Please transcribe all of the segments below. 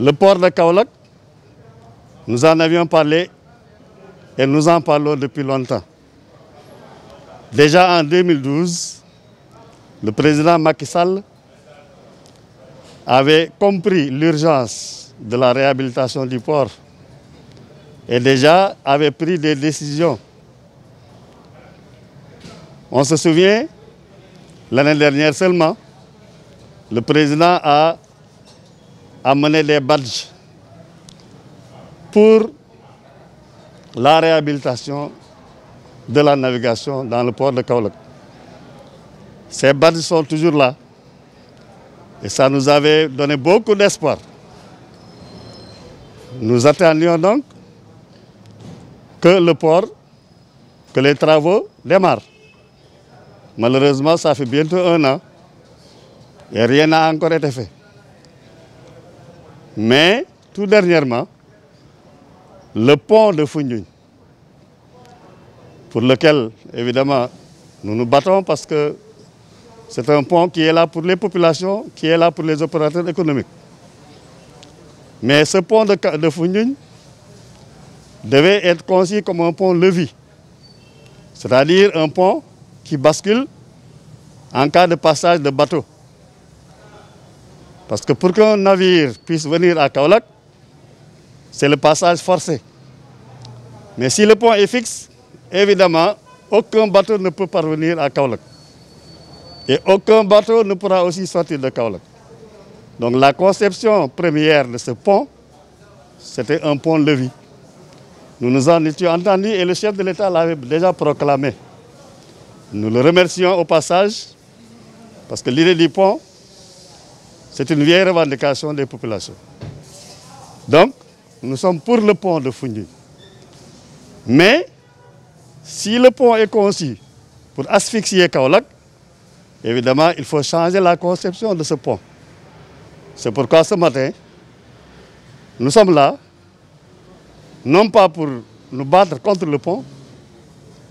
Le port de Kaolack, nous en avions parlé et nous en parlons depuis longtemps. Déjà en 2012, le président Macky Sall avait compris l'urgence de la réhabilitation du port et déjà avait pris des décisions. On se souvient, l'année dernière seulement, le président a amener des badges pour la réhabilitation de la navigation dans le port de Kaolok. Ces badges sont toujours là. Et ça nous avait donné beaucoup d'espoir. Nous attendions donc que le port, que les travaux démarrent. Malheureusement, ça fait bientôt un an et rien n'a encore été fait. Mais tout dernièrement, le pont de Founioun, pour lequel évidemment nous nous battons parce que c'est un pont qui est là pour les populations, qui est là pour les opérateurs économiques. Mais ce pont de, de devait être conçu comme un pont levis, c'est-à-dire un pont qui bascule en cas de passage de bateau. Parce que pour qu'un navire puisse venir à Kaolak, c'est le passage forcé. Mais si le pont est fixe, évidemment, aucun bateau ne peut parvenir à Kaolak. Et aucun bateau ne pourra aussi sortir de Kaolak. Donc la conception première de ce pont, c'était un pont levis. Nous nous en étions entendus et le chef de l'État l'avait déjà proclamé. Nous le remercions au passage parce que l'idée du pont, c'est une vieille revendication des populations. Donc, nous sommes pour le pont de Fundi. Mais, si le pont est conçu pour asphyxier Kaolak, évidemment, il faut changer la conception de ce pont. C'est pourquoi ce matin, nous sommes là, non pas pour nous battre contre le pont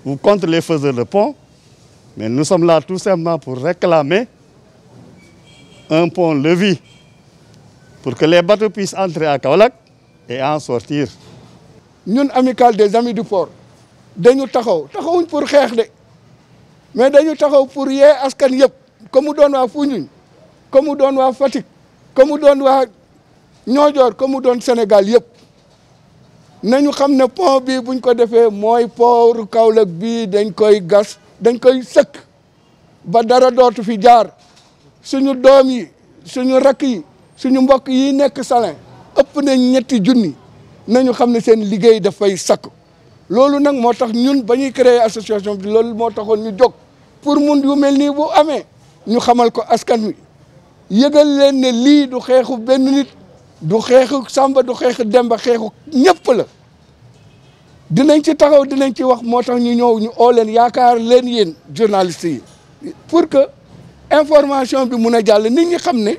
ou contre les faiseurs de pont, mais nous sommes là tout simplement pour réclamer un pont levé pour que les bateaux puissent entrer à Kaolack et en sortir. ñun amical des amis du port dañu taxaw taxawuñ pour xeex de mais dañu taxaw pour yee askan yëpp comme mu doon waa Foundiougne comme mu doon waa Fatick comme mu doon waa Niodior comme mu doon Sénégal yëpp nañu xam ne pont bii buñ ko defee mooy port Kaolack bii dañ koy gas dañ koy sëkk ba dara dootu fi jaar. suñu doom yi suñu rakk yi suñu mbokk yi nekk Salin ëpp nañ ñetti junni nañu xam ne seen liggéey dafay sakk loolu nag moo tax ñun ba ñuy créer association bi loolu moo taxoon ñu jóg pour mun yu mel nii bu amee ñu xamal ko askan wi yëgal leen ne lii du xeexu benn nit du xeexu Samba du xeexu Demba xeexu ñëpp la dinañ ci taxaw dinañ ci wax moo tax ñu ñëw ñu oleen leen yaakaar leen yéen journalistes yi pour que information bi mun a jàll nit ñi xam ne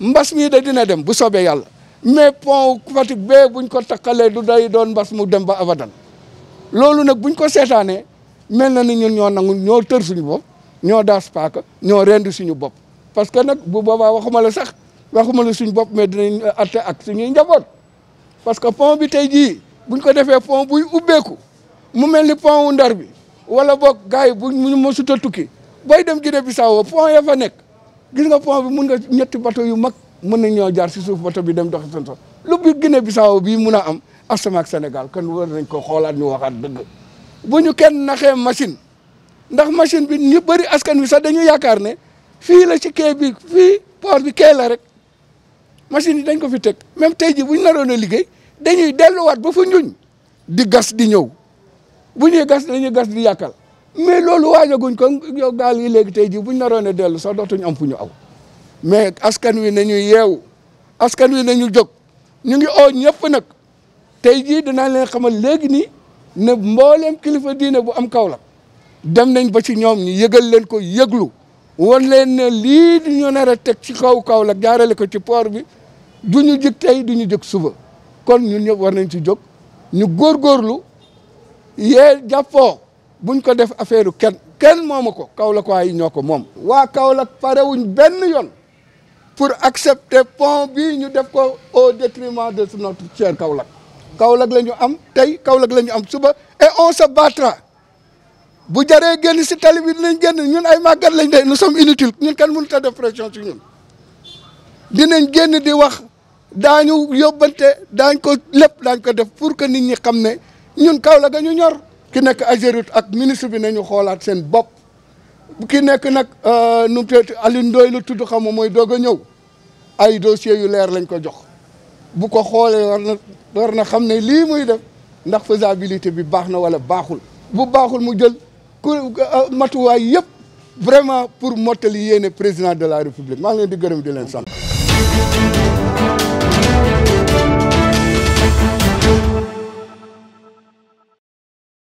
mbas mii de dina dem bu soobee yàlla mais pon Fatick bee buñ ko takkalee du day doon mbas mu dem ba abadan loolu nag buñ ko seetaanee mel na ni ñun ñoo nangu ñoo tër suñu bopp ñoo daas paaka ñoo rend suñu bopp parce que nag bu boobaa waxuma la sax waxuma la suñu bopp mais dina atte ak suñuy njaboot parce que pon bi tey jii buñ ko defee pon buy ubbeeku mu mel ni pon wu ndar bi wala boog gars yi buñ mësuta tukki boy dem Guinée Bissau point ya fa nek gis nga point bi mun nga ñetti bateau yu mag mën na jaar ci suuf bateau bi dem dox seen sox lu bi Guinée Bissau bii mun a am asamaak Sénégal kan war nañ ko xolaat ñu waxat deug buñu kenn naxé machine ndax machine bi ñu bari askan wi sa dañu yakar ne fi la ci ké bi fi port bi ké la rek machine yi dañ ko fi tek même tay ji buñu narona liggéey dañuy wat ba fu ñuñ di gas di ñew buñu gas dañuy gas di yakal mais loolu waajaguñ ko yow gaal yi léegi tey jii ñu naroon a dellu sax dootuñ am fu ñu aw mais askan wi nañu yeewu askan wi nañu jóg ñu ngi oo ñëpp nag tey jii dinaa leen xamal léegi nii ne mbooleem kilifa diine bu am Kaolack dem nañ ba ci ñoom ñu yëgal leen ko yëglu wan leen ne lii di ñu nar a teg ci kaw Kaolack jaarale ko ci poor bi du ñu jëg tey du ñu jëg suba kon ñun ñu war nañ ci jóg ñu góorgóorlu yee jàppoo buñ ko def affaire kenn kenn moomu ko Kaolack waa yi ñoo ko moom. waa Kaolack parewuñ benn yoon pour accepter pont bi ñu def ko au détriment de not cher kawlak Kaolack la ñu am tey Kaolack la ñu am suba et on se battra bu jaree génn si tali bi dinañ génn ñun ay màggat lañ de nous sommes inutiles ñun kenn mënut a def pression si ñun dinañ génn di wax daañu yóbbante daañ ko lépp daañ ko def pour que nit ñi xam ne ñun Kaolack a ñu ñor. ki nekk Ageroute ak ministre bi nañu xoolaat seen bopp ki nekk nag euh, nu mu tuddati Alioune Ndoye la tudd xam mooy doog a ñëw ay dossiers yu leer lañ ko jox bu ko xoolee war na xam ne lii muy def ndax faisabilité bi baax na wala baaxul bu baaxul mu jël ku euh, matuwaay yëpp vraiment pour mottali yéene président de la république maa ngi leen di gërëm di leen sant